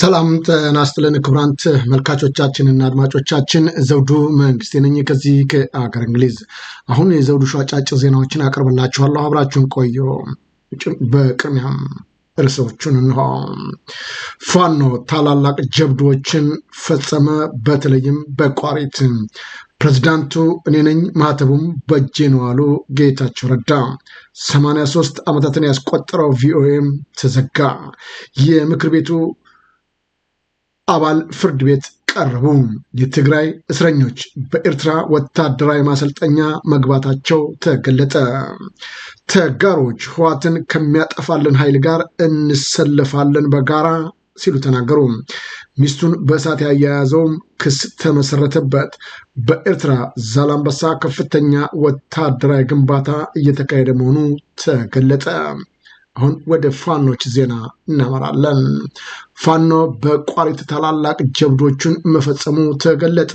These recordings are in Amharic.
ሰላም ጤና ይስጥልን ክቡራን ተመልካቾቻችንና አድማጮቻችን ዘውዱ መንግስቴ ነኝ ከዚህ ከአገር እንግሊዝ። አሁን የዘውዱ ሾው አጫጭር ዜናዎችን አቀርብላችኋለሁ፣ አብራችሁን ቆዩ። በቅድሚያም እርሰዎቹን እንሆ። ፋኖ ታላላቅ ጀብዶችን ፈጸመ፣ በተለይም በቋሪት ፕሬዝዳንቱ እኔ ነኝ ማህተቡም በእጄ ነው አሉ ጌታቸው ረዳ። 83 ዓመታትን ያስቆጠረው ቪኦኤም ተዘጋ። የምክር ቤቱ አባል ፍርድ ቤት ቀረቡ። የትግራይ እስረኞች በኤርትራ ወታደራዊ ማሰልጠኛ መግባታቸው ተገለጠ። ተጋሮች ህዋትን ከሚያጠፋልን ኃይል ጋር እንሰለፋለን በጋራ ሲሉ ተናገሩ። ሚስቱን በእሳት ያያያዘውም ክስ ተመሰረተበት። በኤርትራ ዛላምበሳ ከፍተኛ ወታደራዊ ግንባታ እየተካሄደ መሆኑ ተገለጠ። አሁን ወደ ፋኖች ዜና እናመራለን። ፋኖ በቋሪት ታላላቅ ጀብዶቹን መፈጸሙ ተገለጠ።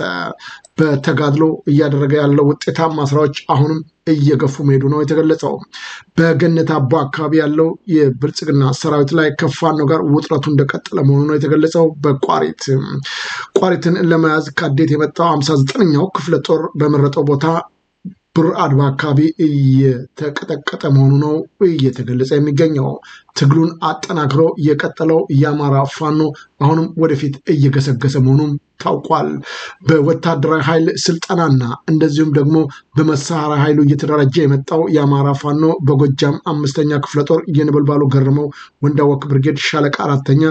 በተጋድሎ እያደረገ ያለው ውጤታማ ስራዎች አሁንም እየገፉ መሄዱ ነው የተገለጸው። በገነት አቦ አካባቢ ያለው የብልጽግና ሰራዊት ላይ ከፋኖ ጋር ውጥረቱ እንደቀጠለ መሆኑ ነው የተገለጸው። በቋሪት ቋሪትን ለመያዝ ከአዴት የመጣው 59 ዘጠነኛው ክፍለ ጦር በመረጠው ቦታ ብር አድባ አካባቢ እየተቀጠቀጠ መሆኑ ነው እየተገለጸ የሚገኘው። ትግሉን አጠናክሮ የቀጠለው የአማራ ፋኖ አሁንም ወደፊት እየገሰገሰ መሆኑም ታውቋል። በወታደራዊ ኃይል ስልጠናና እንደዚሁም ደግሞ በመሳሪያ ኃይሉ እየተደራጀ የመጣው የአማራ ፋኖ በጎጃም አምስተኛ ክፍለ ጦር የነበልባሉ ገርመው ወንዳወክ ብርጌድ ሻለቃ አራተኛ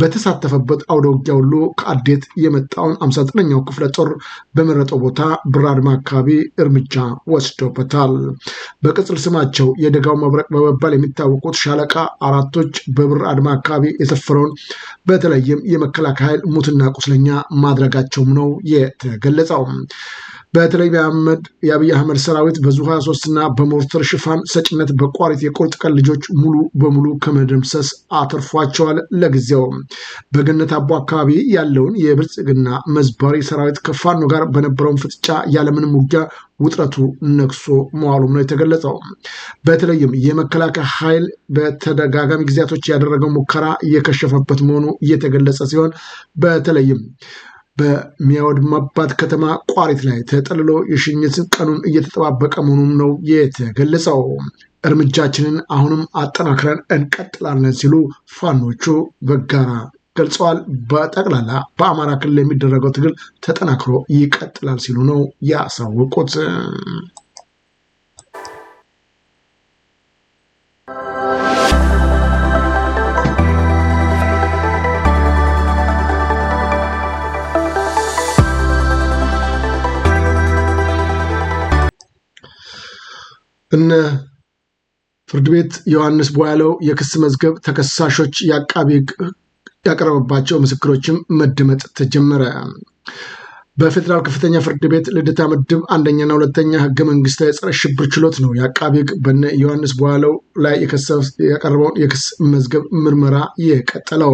በተሳተፈበት አውደ ውጊያ ሁሉ ከአዴት የመጣውን 59ኛው ክፍለ ጦር በመረጠው ቦታ ብራድማ አካባቢ እርምጃ ወስዶበታል። በቅጽል ስማቸው የደጋው መብረቅ በመባል የሚታወቁት ሻለቃ አራቶች በብር አድማ አካባቢ የሰፈረውን በተለይም የመከላከያ ኃይል ሙትና ቁስለኛ ማድረጋቸውም ነው የተገለጸው። በተለይ የአብይ አህመድ ሰራዊት በዙ 23ና በሞርተር ሽፋን ሰጭነት በቋሪት የቁርጥ ቀን ልጆች ሙሉ በሙሉ ከመደምሰስ አትርፏቸዋል። ለጊዜው በገነት አቦ አካባቢ ያለውን የብልጽግና መዝባሪ ሰራዊት ከፋኖ ጋር በነበረውን ፍጥጫ ያለምንም ውጊያ ውጥረቱ ነግሶ መዋሉም ነው የተገለጸው። በተለይም የመከላከያ ኃይል በተደጋጋሚ ጊዜያቶች ያደረገው ሙከራ የከሸፈበት መሆኑ እየተገለጸ ሲሆን በተለይም በሚያወድማባት ከተማ ቋሪት ላይ ተጠልሎ የሽኝት ቀኑን እየተጠባበቀ መሆኑም ነው የተገለጸው። እርምጃችንን አሁንም አጠናክረን እንቀጥላለን ሲሉ ፋኖቹ በጋራ ገልጸዋል። በጠቅላላ በአማራ ክልል የሚደረገው ትግል ተጠናክሮ ይቀጥላል ሲሉ ነው ያሳወቁት። እነ ፍርድ ቤት ዮሐንስ ቧያለው የክስ መዝገብ ተከሳሾች የአቃቢ ያቀረበባቸው ምስክሮችም መደመጥ ተጀመረ። በፌዴራል ከፍተኛ ፍርድ ቤት ልደታ ምድብ አንደኛና ሁለተኛ ህገ መንግስታዊ የጸረ ሽብር ችሎት ነው የአቃቢ ህግ በነ ዮሐንስ ቧያለው ላይ ያቀረበውን የክስ መዝገብ ምርመራ የቀጠለው።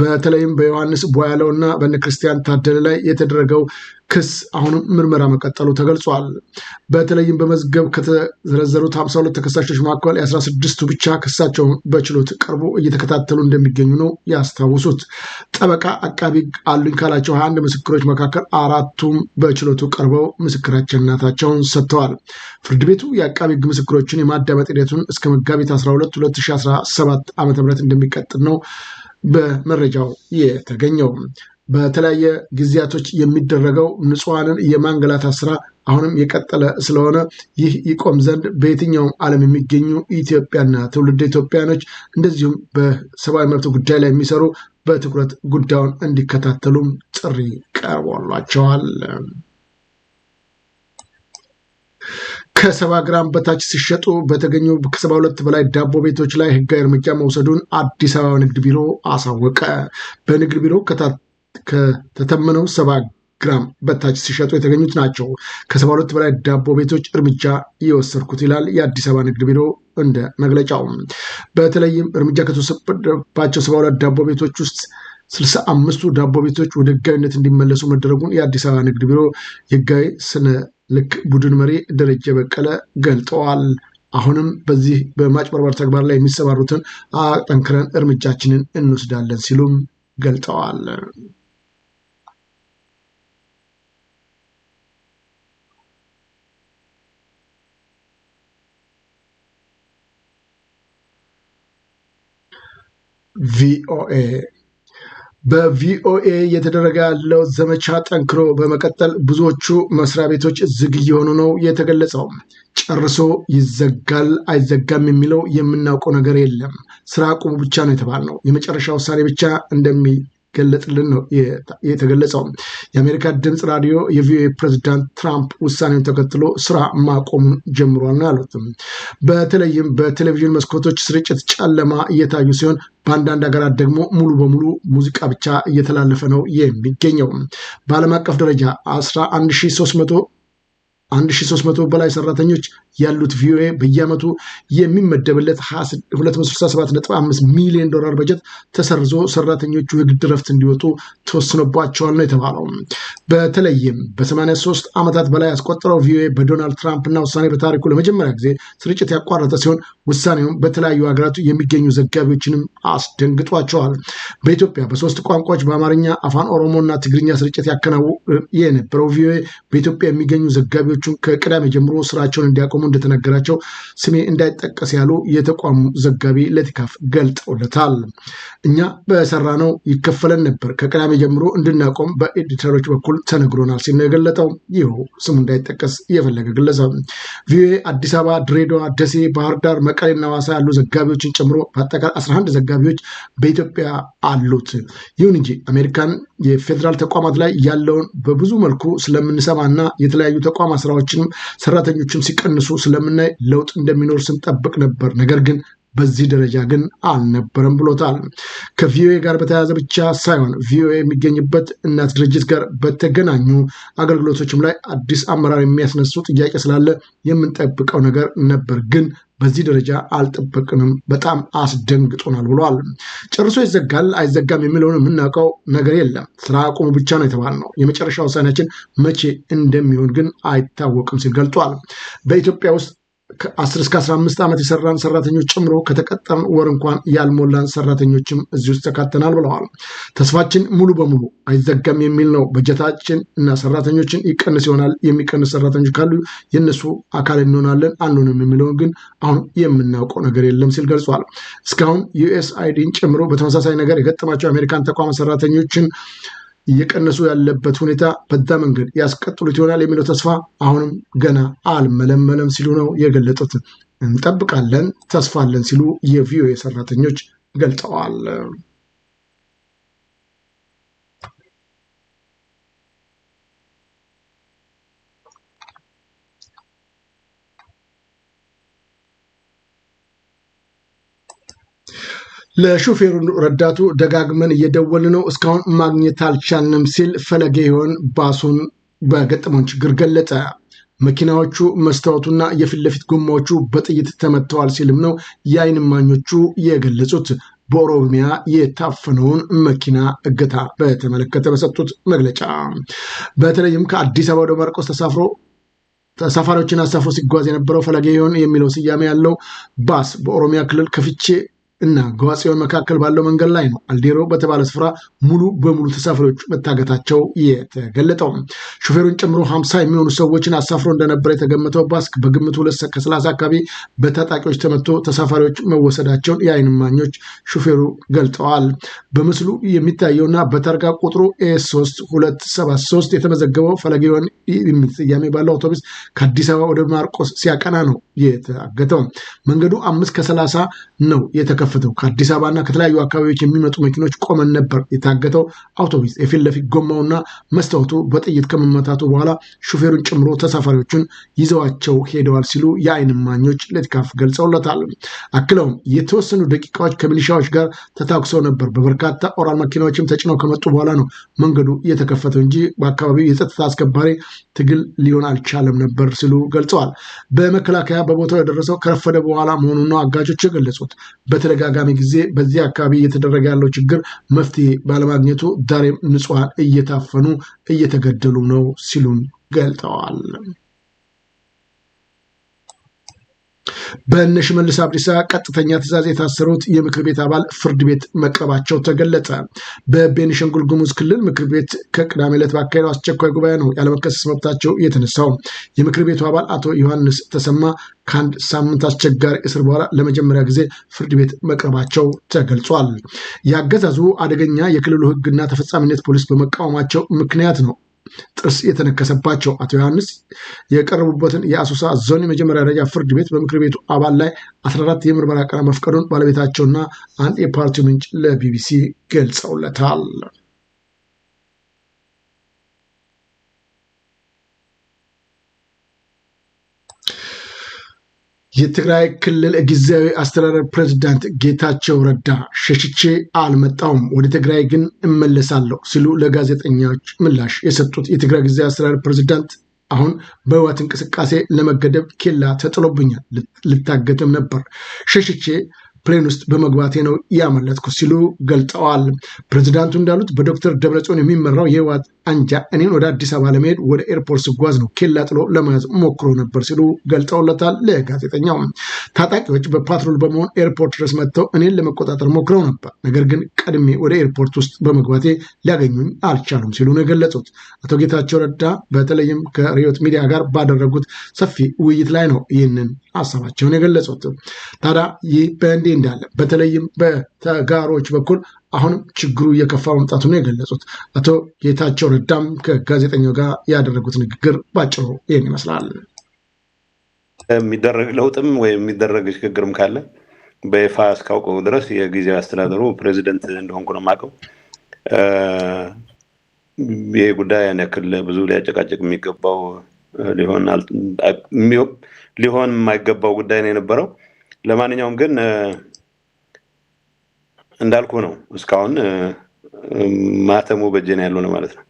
በተለይም በዮሐንስ ቧያለው እና በነ ክርስቲያን ታደለ ላይ የተደረገው ክስ አሁንም ምርመራ መቀጠሉ ተገልጿል። በተለይም በመዝገብ ከተዘረዘሩት 52 ተከሳሾች መካከል የ16ቱ ብቻ ክሳቸውን በችሎት ቀርቦ እየተከታተሉ እንደሚገኙ ነው ያስታውሱት። ጠበቃ አቃቢ አሉኝ ካላቸው 21 ምስክሮች መካከል አራቱም በችሎቱ ቀርበው ምስክርነታቸውን ሰጥተዋል። ፍርድ ቤቱ የአቃቢ ህግ ምስክሮችን የማዳመጥ ሂደቱን እስከ መጋቢት 12 2017 ዓ ም እንደሚቀጥል ነው በመረጃው የተገኘው። በተለያየ ጊዜያቶች የሚደረገው ንጹሐንን የማንገላታት ስራ አሁንም የቀጠለ ስለሆነ ይህ ይቆም ዘንድ በየትኛውም ዓለም የሚገኙ ኢትዮጵያና ትውልድ ኢትዮጵያኖች እንደዚሁም በሰብአዊ መብት ጉዳይ ላይ የሚሰሩ በትኩረት ጉዳዩን እንዲከታተሉም ጥሪ ቀርቦላቸዋል። ከሰባ ግራም በታች ሲሸጡ በተገኙ ከሰባ ሁለት በላይ ዳቦ ቤቶች ላይ ህጋዊ እርምጃ መውሰዱን አዲስ አበባ ንግድ ቢሮ አሳወቀ። በንግድ ቢሮ ከተተመነው ሰባ ግራም በታች ሲሸጡ የተገኙት ናቸው። ከሰባ ሁለት በላይ ዳቦ ቤቶች እርምጃ የወሰድኩት ይላል የአዲስ አበባ ንግድ ቢሮ እንደ መግለጫው። በተለይም እርምጃ ከተወሰደባቸው ሰባ ሁለት ዳቦ ቤቶች ውስጥ ስልሳ አምስቱ ዳቦ ቤቶች ወደ ህጋዊነት እንዲመለሱ መደረጉን የአዲስ አበባ ንግድ ቢሮ የህጋዊ ስነ ልክ ቡድን መሪ ደረጀ በቀለ ገልጠዋል። አሁንም በዚህ በማጭበርበር ተግባር ላይ የሚሰማሩትን አጠንክረን እርምጃችንን እንወስዳለን ሲሉም ገልጠዋል። ቪኦኤ በቪኦኤ እየተደረገ ያለው ዘመቻ ጠንክሮ በመቀጠል ብዙዎቹ መስሪያ ቤቶች ዝግ እየሆኑ ነው የተገለጸው። ጨርሶ ይዘጋል አይዘጋም የሚለው የምናውቀው ነገር የለም። ስራ አቁሙ ብቻ ነው ነው። የመጨረሻ ውሳኔ ብቻ እንደሚ እንዲገለጽልን ነው የተገለጸው። የአሜሪካ ድምፅ ራዲዮ የቪኦኤ ፕሬዚዳንት ትራምፕ ውሳኔውን ተከትሎ ስራ ማቆሙን ጀምሯል ነው ያሉት። በተለይም በቴሌቪዥን መስኮቶች ስርጭት ጨለማ እየታዩ ሲሆን በአንዳንድ ሀገራት ደግሞ ሙሉ በሙሉ ሙዚቃ ብቻ እየተላለፈ ነው የሚገኘው። በዓለም አቀፍ ደረጃ 11300 1300 በላይ ሰራተኞች ያሉት ቪኦኤ በየዓመቱ የሚመደብለት 267.5 ሚሊዮን ዶላር በጀት ተሰርዞ ሰራተኞቹ የግድ ረፍት እንዲወጡ ተወስኖባቸዋል ነው የተባለው። በተለይም በ83 ዓመታት በላይ ያስቆጠረው ቪኦኤ በዶናልድ እና ውሳኔ በታሪኩ ለመጀመሪያ ጊዜ ስርጭት ያቋረጠ ሲሆን ውሳኔውም በተለያዩ ሀገራት የሚገኙ ዘጋቢዎችንም አስደንግጧቸዋል። በኢትዮጵያ በሶስት ቋንቋዎች በአማርኛ፣ አፋን ኦሮሞ እና ትግርኛ ስርጭት ያከናው የነበረው ቪኦኤ በኢትዮጵያ የሚገኙ ዘጋቢዎች ሰራተኞቹ ከቅዳሜ ጀምሮ ስራቸውን እንዲያቆሙ እንደተነገራቸው ስሜ እንዳይጠቀስ ያሉ የተቋሙ ዘጋቢ ለቲካፍ ገልጠውለታል። እኛ በሰራነው ይከፈለን ነበር፣ ከቅዳሜ ጀምሮ እንድናቆም በኤዲተሮች በኩል ተነግሮናል ሲል ነው የገለጠው። ይሁ ስሙ እንዳይጠቀስ የፈለገ ግለሰብ ቪኦኤ አዲስ አበባ፣ ድሬዳዋ፣ ደሴ፣ ባህር ዳር፣ መቀሌና ሐዋሳ ያሉ ዘጋቢዎችን ጨምሮ በአጠቃላይ 11 ዘጋቢዎች በኢትዮጵያ አሉት። ይሁን እንጂ አሜሪካን የፌዴራል ተቋማት ላይ ያለውን በብዙ መልኩ ስለምንሰማ እና የተለያዩ ተቋማት ስራዎችንም ሰራተኞችም ሲቀንሱ ስለምናይ ለውጥ እንደሚኖር ስንጠብቅ ነበር። ነገር ግን በዚህ ደረጃ ግን አልነበረም ብሎታል። ከቪኦኤ ጋር በተያያዘ ብቻ ሳይሆን ቪኦኤ የሚገኝበት እናት ድርጅት ጋር በተገናኙ አገልግሎቶችም ላይ አዲስ አመራር የሚያስነሱ ጥያቄ ስላለ የምንጠብቀው ነገር ነበር ግን በዚህ ደረጃ አልጠበቅንም። በጣም አስደንግጦናል ብሏል። ጨርሶ ይዘጋል አይዘጋም የሚለውን የምናውቀው ነገር የለም። ስራ አቁሙ ብቻ ነው የተባልነው። የመጨረሻ ውሳኔያችን መቼ እንደሚሆን ግን አይታወቅም ሲል ገልጧል። በኢትዮጵያ ውስጥ አስር እስከ አስራ አምስት ዓመት የሰራን ሰራተኞች ጨምሮ ከተቀጠርን ወር እንኳን ያልሞላን ሰራተኞችም እዚህ ውስጥ ተካተናል ብለዋል። ተስፋችን ሙሉ በሙሉ አይዘጋም የሚል ነው። በጀታችን እና ሰራተኞችን ይቀንስ ይሆናል። የሚቀንስ ሰራተኞች ካሉ የእነሱ አካል እንሆናለን። አንሆንም የሚለውን ግን አሁን የምናውቀው ነገር የለም ሲል ገልጿል። እስካሁን ዩኤስአይዲን ጨምሮ በተመሳሳይ ነገር የገጠማቸው የአሜሪካን ተቋማት ሰራተኞችን እየቀነሱ ያለበት ሁኔታ በዛ መንገድ ያስቀጥሉት ይሆናል የሚለው ተስፋ አሁንም ገና አልመለመለም ሲሉ ነው የገለጡት። እንጠብቃለን፣ ተስፋለን ሲሉ የቪኦኤ ሰራተኞች ገልጠዋል። ለሹፌሩ ረዳቱ ደጋግመን እየደወል ነው፣ እስካሁን ማግኘት አልቻልንም ሲል ፈለገ ይሆን ባሱን በገጠመው ችግር ገለጠ። መኪናዎቹ መስታወቱና የፊት ለፊት ጎማዎቹ በጥይት ተመተዋል ሲልም ነው የአይን እማኞቹ የገለጹት። በኦሮሚያ የታፈነውን መኪና እገታ በተመለከተ በሰጡት መግለጫ በተለይም ከአዲስ አበባ ወደ ማርቆስ ተሳፍሮ ተሳፋሪዎችን አሳፍሮ ሲጓዝ የነበረው ፈለገ ይሆን የሚለው ስያሜ ያለው ባስ በኦሮሚያ ክልል ከፍቼ እና ገዋጽዮን መካከል ባለው መንገድ ላይ ነው አልዴሮ በተባለ ስፍራ ሙሉ በሙሉ ተሳፋሪዎች መታገታቸው የተገለጠው። ሹፌሩን ጨምሮ ሀምሳ የሚሆኑ ሰዎችን አሳፍሮ እንደነበረ የተገመተው ባስክ በግምት ሁለት ከሰላሳ አካባቢ በታጣቂዎች ተመቶ ተሳፋሪዎች መወሰዳቸውን የአይንማኞች እማኞች ሾፌሩ ገልጠዋል። በምስሉ የሚታየውና በታርጋ ቁጥሩ ኤስ 3273 የተመዘገበው ፈለጊዮን የሚል ስያሜ ባለው አውቶቡስ ከአዲስ አበባ ወደ ማርቆስ ሲያቀና ነው የታገተው። መንገዱ አምስት ከሰላሳ ነው የተከ የተከፈተው። ከአዲስ አበባና ከተለያዩ አካባቢዎች የሚመጡ መኪኖች ቆመን ነበር። የታገተው አውቶቡስ የፊት ለፊት ጎማውና መስታወቱ በጥይት ከመመታቱ በኋላ ሹፌሩን ጨምሮ ተሳፋሪዎቹን ይዘዋቸው ሄደዋል ሲሉ የአይን እማኞች ለድጋፍ ገልጸውለታል። አክለውም የተወሰኑ ደቂቃዎች ከሚሊሻዎች ጋር ተታኩሰው ነበር። በበርካታ ኦራል መኪናዎችም ተጭነው ከመጡ በኋላ ነው መንገዱ የተከፈተው እንጂ በአካባቢው የጸጥታ አስከባሪ ትግል ሊሆን አልቻለም ነበር ሲሉ ገልጸዋል። በመከላከያ በቦታው የደረሰው ከረፈደ በኋላ መሆኑን ነው አጋጆች የገለጹት። በተለ በተደጋጋሚ ጊዜ በዚህ አካባቢ እየተደረገ ያለው ችግር መፍትሄ ባለማግኘቱ ዛሬም ንጹሐን እየታፈኑ እየተገደሉ ነው ሲሉም ገልጠዋል። በእነ ሽመልስ አብዲሳ ቀጥተኛ ትእዛዝ የታሰሩት የምክር ቤት አባል ፍርድ ቤት መቅረባቸው ተገለጸ። በቤኒሻንጉል ጉሙዝ ክልል ምክር ቤት ከቅዳሜ ዕለት ባካሄደው አስቸኳይ ጉባኤ ነው ያለመከሰስ መብታቸው የተነሳው። የምክር ቤቱ አባል አቶ ዮሐንስ ተሰማ ከአንድ ሳምንት አስቸጋሪ እስር በኋላ ለመጀመሪያ ጊዜ ፍርድ ቤት መቅረባቸው ተገልጿል። ያገዛዙ አደገኛ የክልሉ ህግና ተፈጻሚነት ፖሊስ በመቃወማቸው ምክንያት ነው ጥስ የተነከሰባቸው አቶ ዮሐንስ የቀረቡበትን የአሶሳ ዞን የመጀመሪያ ደረጃ ፍርድ ቤት በምክር ቤቱ አባል ላይ 14 የምርመራ ቀና መፍቀዱን ባለቤታቸውና አንድ የፓርቲው ምንጭ ለቢቢሲ ገልጸውለታል። የትግራይ ክልል ጊዜያዊ አስተዳደር ፕሬዚዳንት ጌታቸው ረዳ ሸሽቼ አልመጣውም ወደ ትግራይ ግን እመለሳለሁ ሲሉ ለጋዜጠኞች ምላሽ የሰጡት የትግራይ ጊዜያዊ አስተዳደር ፕሬዚዳንት አሁን በህወሓት እንቅስቃሴ ለመገደብ ኬላ ተጥሎብኛል፣ ልታገትም ነበር ሸሽቼ ፕሌን ውስጥ በመግባቴ ነው ያመለጥኩ ሲሉ ገልጠዋል። ፕሬዚዳንቱ እንዳሉት በዶክተር ደብረጽዮን የሚመራው የህወሓት አንጃ እኔን ወደ አዲስ አበባ ለመሄድ ወደ ኤርፖርት ስጓዝ ነው ኬላ ጥሎ ለመያዝ ሞክሮ ነበር ሲሉ ገልጸውለታል። ለጋዜጠኛው ታጣቂዎች በፓትሮል በመሆን ኤርፖርት ድረስ መጥተው እኔን ለመቆጣጠር ሞክረው ነበር፣ ነገር ግን ቀድሜ ወደ ኤርፖርት ውስጥ በመግባቴ ሊያገኙኝ አልቻሉም ሲሉ ነው የገለጹት። አቶ ጌታቸው ረዳ በተለይም ከሪዮት ሚዲያ ጋር ባደረጉት ሰፊ ውይይት ላይ ነው ይህንን ሀሳባቸውን የገለጹት። ታዲያ ይህ በእንዲህ እንዳለ በተለይም በተጋሮች በኩል አሁንም ችግሩ እየከፋ ነው የገለጹት አቶ ጌታቸው ረዳም ከጋዜጠኛው ጋር ያደረጉት ንግግር ባጭሩ ይህን ይመስላል። የሚደረግ ለውጥም ወይም የሚደረግ ሽግግርም ካለ በይፋ እስካውቀው ድረስ የጊዜያዊ አስተዳደሩ ፕሬዚደንት እንደሆንኩ ነው የማውቀው። ይህ ጉዳይ ያን ያክል ብዙ ሊያጨቃጭቅ የሚገባው ሊሆን የማይገባው ጉዳይ ነው የነበረው። ለማንኛውም ግን እንዳልኩ ነው። እስካሁን ማተሙ በጀን ያለው ነው ማለት ነው።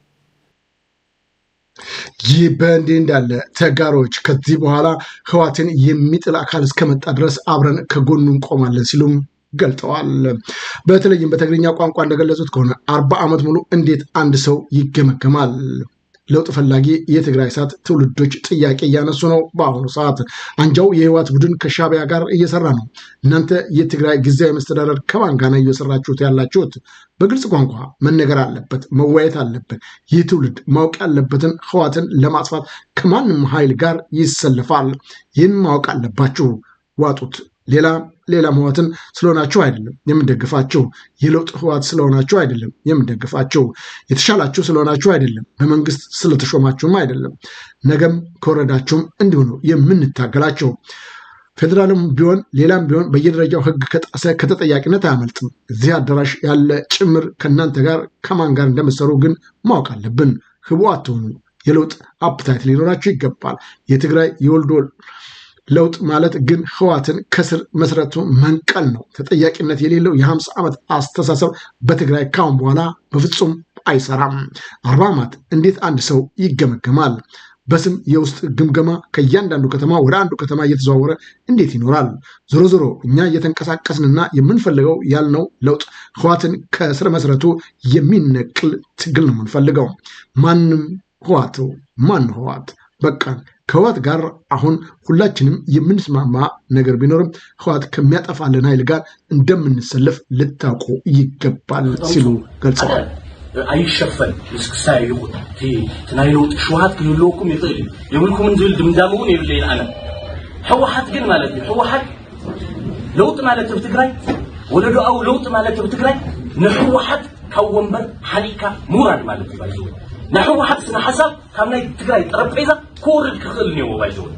ይህ በእንዲህ እንዳለ ተጋሮች ከዚህ በኋላ ህዋትን የሚጥል አካል እስከመጣ ድረስ አብረን ከጎኑ እንቆማለን ሲሉም ገልጠዋል። በተለይም በትግርኛ ቋንቋ እንደገለጹት ከሆነ አርባ ዓመት ሙሉ እንዴት አንድ ሰው ይገመገማል? ለውጥ ፈላጊ የትግራይ ሰዓት ትውልዶች ጥያቄ እያነሱ ነው። በአሁኑ ሰዓት አንጃው የህወሓት ቡድን ከሻቢያ ጋር እየሰራ ነው። እናንተ የትግራይ ጊዜያዊ መስተዳደር ከማን ጋር ነው እየሰራችሁት ያላችሁት? በግልጽ ቋንቋ መነገር አለበት፣ መወያየት አለብን። ይህ ትውልድ ማወቅ ያለበትን ህወሓትን ለማጥፋት ከማንም ኃይል ጋር ይሰልፋል። ይህን ማወቅ አለባችሁ። ዋጡት። ሌላ ሌላም ህወሓትን ስለሆናችሁ አይደለም የምንደግፋችሁ። የለውጥ ህወሓት ስለሆናችሁ አይደለም የምንደግፋችሁ። የተሻላችሁ ስለሆናችሁ አይደለም፣ በመንግስት ስለተሾማችሁም አይደለም። ነገም ከወረዳችሁም እንዲሁ ነው የምንታገላቸው። ፌዴራልም ቢሆን ሌላም ቢሆን በየደረጃው ህግ ከጣሰ ከተጠያቂነት አያመልጥም። እዚህ አዳራሽ ያለ ጭምር ከእናንተ ጋር ከማን ጋር እንደመሰሩ ግን ማወቅ አለብን። ህቡ አትሆኑ። የለውጥ አፕታይት ሊኖራችሁ ይገባል። የትግራይ የወልዶ ለውጥ ማለት ግን ህዋትን ከስር መሰረቱ መንቀል ነው። ተጠያቂነት የሌለው የሀምሳ ዓመት አስተሳሰብ በትግራይ ካሁን በኋላ በፍጹም አይሰራም። አርባ ዓመት እንዴት አንድ ሰው ይገመገማል? በስም የውስጥ ግምገማ ከእያንዳንዱ ከተማ ወደ አንዱ ከተማ እየተዘዋወረ እንዴት ይኖራል? ዞሮ ዞሮ እኛ እየተንቀሳቀስንና የምንፈልገው ያልነው ለውጥ ህዋትን ከስር መሰረቱ የሚነቅል ትግል ነው የምንፈልገው። ማንም ህዋቱ ማን ህዋት በቃ ከህዋት ጋር አሁን ሁላችንም የምንስማማ ነገር ቢኖርም ህዋት ከሚያጠፋልን ኃይል ጋር እንደምንሰለፍ ልታውቁ ይገባል ሲሉ ገልጸዋል። አይሸፈን ምስክሳ ክሳይ እዩ እቲ ናይ ለውጢ ሽውሃት ክህልወኩም ይኽእል እዩ የብልኩምን ዝብል ድምዳም እውን የብለይን ኣነ ሕወሓት ግን ማለት እዩ ሕወሓት ለውጥ ማለት ኣብ ትግራይ ወለዶኣዊ ለውጥ ማለት ኣብ ትግራይ ንሕወሓት ካብ ወንበር ሓሊካ ምውራድ ማለት እዩ نحو واحد سنة حسب كان نايد تقرأي ربعيزة كورد كخلني هو بايزون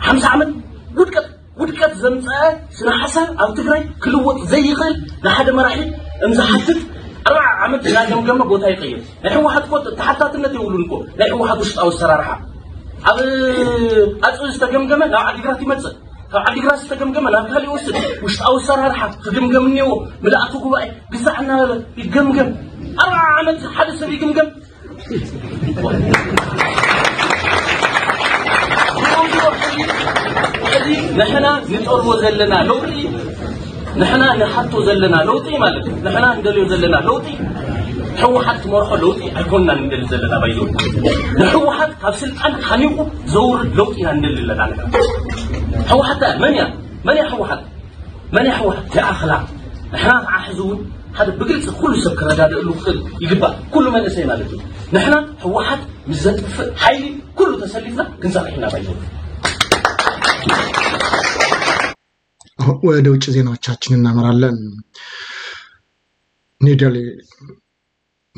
حمس عمل ودكت ودكت زمزة سنة حسب أو تقرأي كل وقت زي خل نحد مراحل امزحتك أربع عمل تقرأي جم جمع قوتها يقيم نحو واحد قوت تحتى تنتي ولنكو نحو واحد وشت أو السرارحة أبو أسوي استجم جمع لا عاد يقرأ تمتز كان عاد يقرأ استجم جمع لا بخلي وسط وشت أو السرارحة تجم جمعني هو ملأ أتوقع بس عنا يجم جمع أربع عمل حدث في جم جمع نحن نتقربوا زلنا لوطي نحن نحطو زلنا لوطي مالك نحن ندلو زلنا لوطي حو حت مرحو لوطي أكوننا ندل زلنا بيدون نحو حت كابسل أن خنيقو زور لوطي ندل لنا لنا حو حتى من يا حو حت من حو حت يا نحن عحزون ሓደ ብግልፂ ኩሉ ሰብ ክረዳድእሉ ክእል ይግባእ ኩሉ መእሰይ ማለት እዩ ንሕና ህወሓት ምስ ዘጥፍእ ሓይሊ ኩሉ ተሰሊፍና ክንፀርሕና ባይ ወደ ውጭ ዜናዎቻችን እናመራለን ኒውደሊ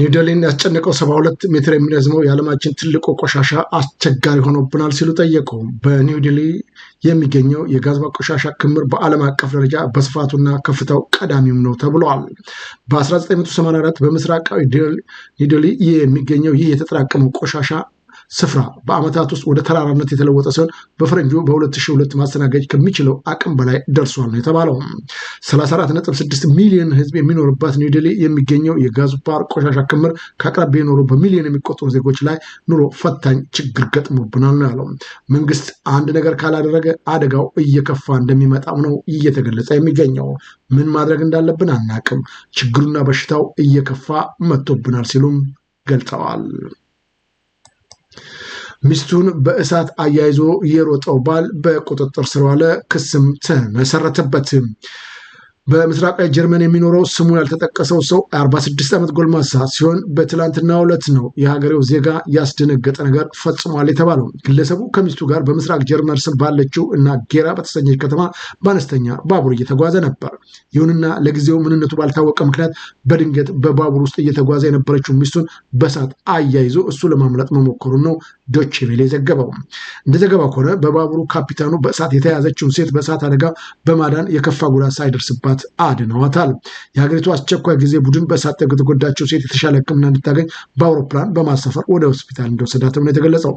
ኒውዴሊን ያስጨነቀው ሰባ ሁለት ሜትር የሚረዝመው የዓለማችን ትልቁ ቆሻሻ አስቸጋሪ ሆኖብናል ሲሉ ጠየቁ። በኒውዴሊ የሚገኘው የጋዝ ቆሻሻ ክምር በዓለም አቀፍ ደረጃ በስፋቱና ከፍታው ቀዳሚም ነው ተብሏል። በ1984 በምስራቃዊ ኒውዴሊ የሚገኘው ይህ የተጠራቀመው ቆሻሻ ስፍራ በአመታት ውስጥ ወደ ተራራነት የተለወጠ ሲሆን በፈረንጁ በ2002 ማስተናገጅ ከሚችለው አቅም በላይ ደርሷል ነው የተባለው። 34.6 ሚሊዮን ህዝብ የሚኖርባት ኒውዴሊ የሚገኘው የጋዙ ፓር ቆሻሻ ክምር ከአቅራቢያ የኖሩ በሚሊዮን የሚቆጠሩ ዜጎች ላይ ኑሮ ፈታኝ ችግር ገጥሞብናል ነው ያለው። መንግስት አንድ ነገር ካላደረገ አደጋው እየከፋ እንደሚመጣም ነው እየተገለጸ የሚገኘው። ምን ማድረግ እንዳለብን አናቅም፣ ችግሩና በሽታው እየከፋ መጥቶብናል ሲሉም ገልጸዋል። ሚስቱን በእሳት አያይዞ የሮጠው ባል በቁጥጥር ስር ዋለ። ክስም ተመሰረተበት። በምስራቃዊ ጀርመን የሚኖረው ስሙ ያልተጠቀሰው ሰው 46 ዓመት ጎልማሳ ሲሆን በትላንትና ዕለት ነው የሀገሬው ዜጋ ያስደነገጠ ነገር ፈጽሟል የተባለው። ግለሰቡ ከሚስቱ ጋር በምስራቅ ጀርመን ስር ባለችው እና ጌራ በተሰኘች ከተማ በአነስተኛ ባቡር እየተጓዘ ነበር። ይሁንና ለጊዜው ምንነቱ ባልታወቀ ምክንያት በድንገት በባቡር ውስጥ እየተጓዘ የነበረችው ሚስቱን በሳት አያይዞ እሱ ለማምለጥ መሞከሩን ነው ዶችቬሌ ዘገበው። እንደ ዘገባው ከሆነ በባቡሩ ካፒታኑ በእሳት የተያዘችውን ሴት በእሳት አደጋ በማዳን የከፋ ጉዳት ሳይደርስባት በመርዳት አድነዋታል። የሀገሪቱ አስቸኳይ ጊዜ ቡድን በእሳት ከተጎዳቸው ሴት የተሻለ ሕክምና እንድታገኝ በአውሮፕላን በማሰፈር ወደ ሆስፒታል እንደወሰዳትም ነው የተገለጸው።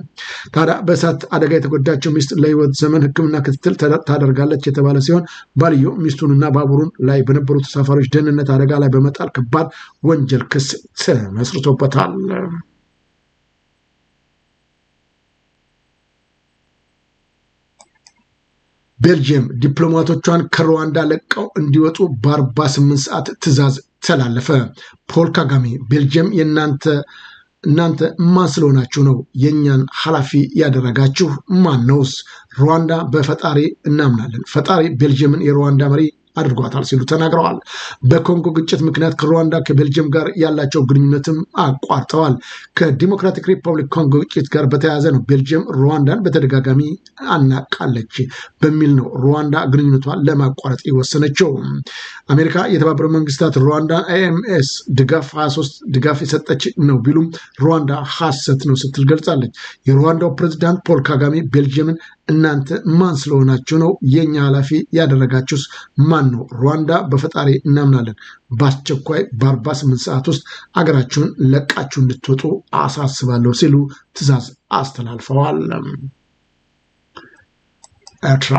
ታዲያ በእሳት አደጋ የተጎዳቸው ሚስት ለህይወት ዘመን ሕክምና ክትትል ታደርጋለች የተባለ ሲሆን ባልዮ ሚስቱንና ባቡሩን ላይ በነበሩ ተሳፋሪዎች ደህንነት አደጋ ላይ በመጣል ከባድ ወንጀል ክስ ተመስርቶበታል። ቤልጅየም ዲፕሎማቶቿን ከሩዋንዳ ለቀው እንዲወጡ በ48 ሰዓት ትዕዛዝ ተላለፈ። ፖል ካጋሜ ቤልጅየም የእናንተ እናንተ ማን ስለሆናችሁ ነው የእኛን ኃላፊ ያደረጋችሁ? ማን ነውስ? ሩዋንዳ በፈጣሪ እናምናለን። ፈጣሪ ቤልጅየምን የሩዋንዳ መሪ አድርጓታል ሲሉ ተናግረዋል። በኮንጎ ግጭት ምክንያት ከሩዋንዳ ከቤልጅየም ጋር ያላቸው ግንኙነትም አቋርጠዋል። ከዲሞክራቲክ ሪፐብሊክ ኮንጎ ግጭት ጋር በተያያዘ ነው ቤልጅየም ሩዋንዳን በተደጋጋሚ አናቃለች በሚል ነው ሩዋንዳ ግንኙነቷን ለማቋረጥ የወሰነችው። አሜሪካ የተባበሩት መንግስታት ሩዋንዳን አይኤምኤስ ድጋፍ 23 ድጋፍ የሰጠች ነው ቢሉም ሩዋንዳ ሀሰት ነው ስትል ገልጻለች። የሩዋንዳው ፕሬዚዳንት ፖል ካጋሜ ቤልጅየምን እናንተ ማን ስለሆናችሁ ነው የኛ ኃላፊ ያደረጋችሁስ ማን ነው? ሩዋንዳ በፈጣሪ እናምናለን፣ በአስቸኳይ በአርባ ስምንት ሰዓት ውስጥ አገራችሁን ለቃችሁ እንድትወጡ አሳስባለሁ ሲሉ ትዕዛዝ አስተላልፈዋል። ኤርትራ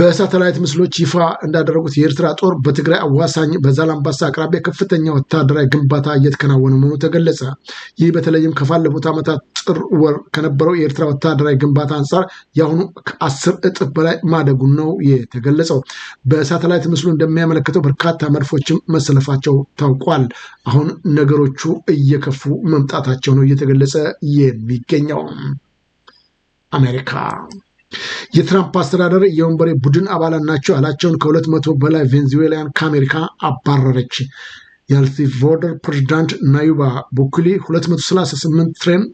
በሳተላይት ምስሎች ይፋ እንዳደረጉት የኤርትራ ጦር በትግራይ አዋሳኝ በዛላምባሳ አቅራቢያ ከፍተኛ ወታደራዊ ግንባታ እየተከናወነ መሆኑ ተገለጸ። ይህ በተለይም ከፋለፉት ዓመታት ጥር ወር ከነበረው የኤርትራ ወታደራዊ ግንባታ አንጻር የአሁኑ ከአስር እጥፍ በላይ ማደጉን ነው የተገለጸው። በሳተላይት ምስሉ እንደሚያመለክተው በርካታ መድፎችም መሰለፋቸው ታውቋል። አሁን ነገሮቹ እየከፉ መምጣታቸው ነው እየተገለጸ የሚገኘው አሜሪካ የትራምፕ አስተዳደር የወንበሬ ቡድን አባላት ናቸው ያላቸውን ከሁለት መቶ በላይ ቬንዙዌላያን ከአሜሪካ አባረረች። የኤልሳልቫዶር ፕሬዚዳንት ናዩባ ቦኩሌ 238 ትሬን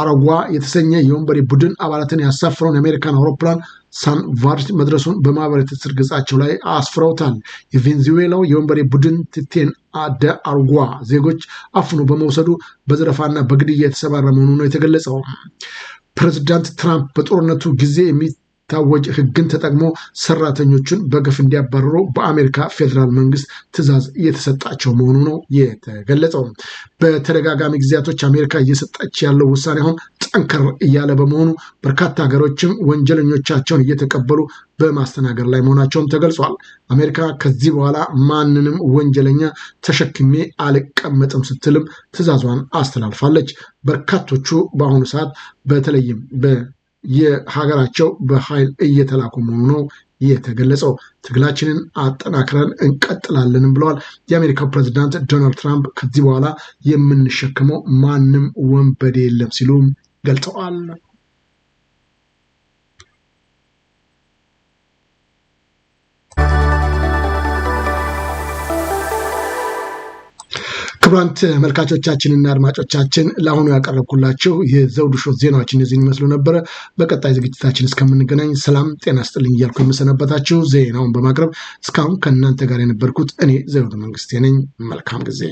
አረጓ የተሰኘ የወንበሬ ቡድን አባላትን ያሳፍረውን የአሜሪካን አውሮፕላን ሳን ቫርስ መድረሱን በማህበራዊ ትስስር ገጻቸው ላይ አስፍረውታል። የቬንዙዌላው የወንበሬ ቡድን ቲቴን አደ አርጓ ዜጎች አፍኖ በመውሰዱ በዘረፋና በግድያ የተሰባረ መሆኑ ነው የተገለጸው። ፕሬዚዳንት ትራምፕ በጦርነቱ ጊዜ ታወቂ ህግን ተጠቅሞ ሰራተኞቹን በግፍ እንዲያባረሩ በአሜሪካ ፌዴራል መንግስት ትዕዛዝ እየተሰጣቸው መሆኑ ነው የተገለጸው። በተደጋጋሚ ጊዜያቶች አሜሪካ እየሰጠች ያለው ውሳኔ አሁን ጠንከር እያለ በመሆኑ በርካታ ሀገሮችም ወንጀለኞቻቸውን እየተቀበሉ በማስተናገድ ላይ መሆናቸውን ተገልጿል። አሜሪካ ከዚህ በኋላ ማንንም ወንጀለኛ ተሸክሜ አልቀመጥም ስትልም ትዕዛዟን አስተላልፋለች። በርካቶቹ በአሁኑ ሰዓት በተለይም የሀገራቸው በኃይል እየተላኩ መሆኑ ነው የተገለጸው። ትግላችንን አጠናክረን እንቀጥላለንም ብለዋል የአሜሪካው ፕሬዚዳንት ዶናልድ ትራምፕ። ከዚህ በኋላ የምንሸከመው ማንም ወንበዴ የለም ሲሉም ገልጸዋል። ክቡራን ተመልካቾቻችንና አድማጮቻችን ለአሁኑ ያቀረብኩላቸው የዘውዱ ሾው ዜናዎች እነዚህን ይመስሉ ነበረ። በቀጣይ ዝግጅታችን እስከምንገናኝ ሰላም ጤና ስጥልኝ እያልኩ የምሰነበታችሁ ዜናውን በማቅረብ እስካሁን ከእናንተ ጋር የነበርኩት እኔ ዘውዱ መንግስቴ ነኝ። መልካም ጊዜ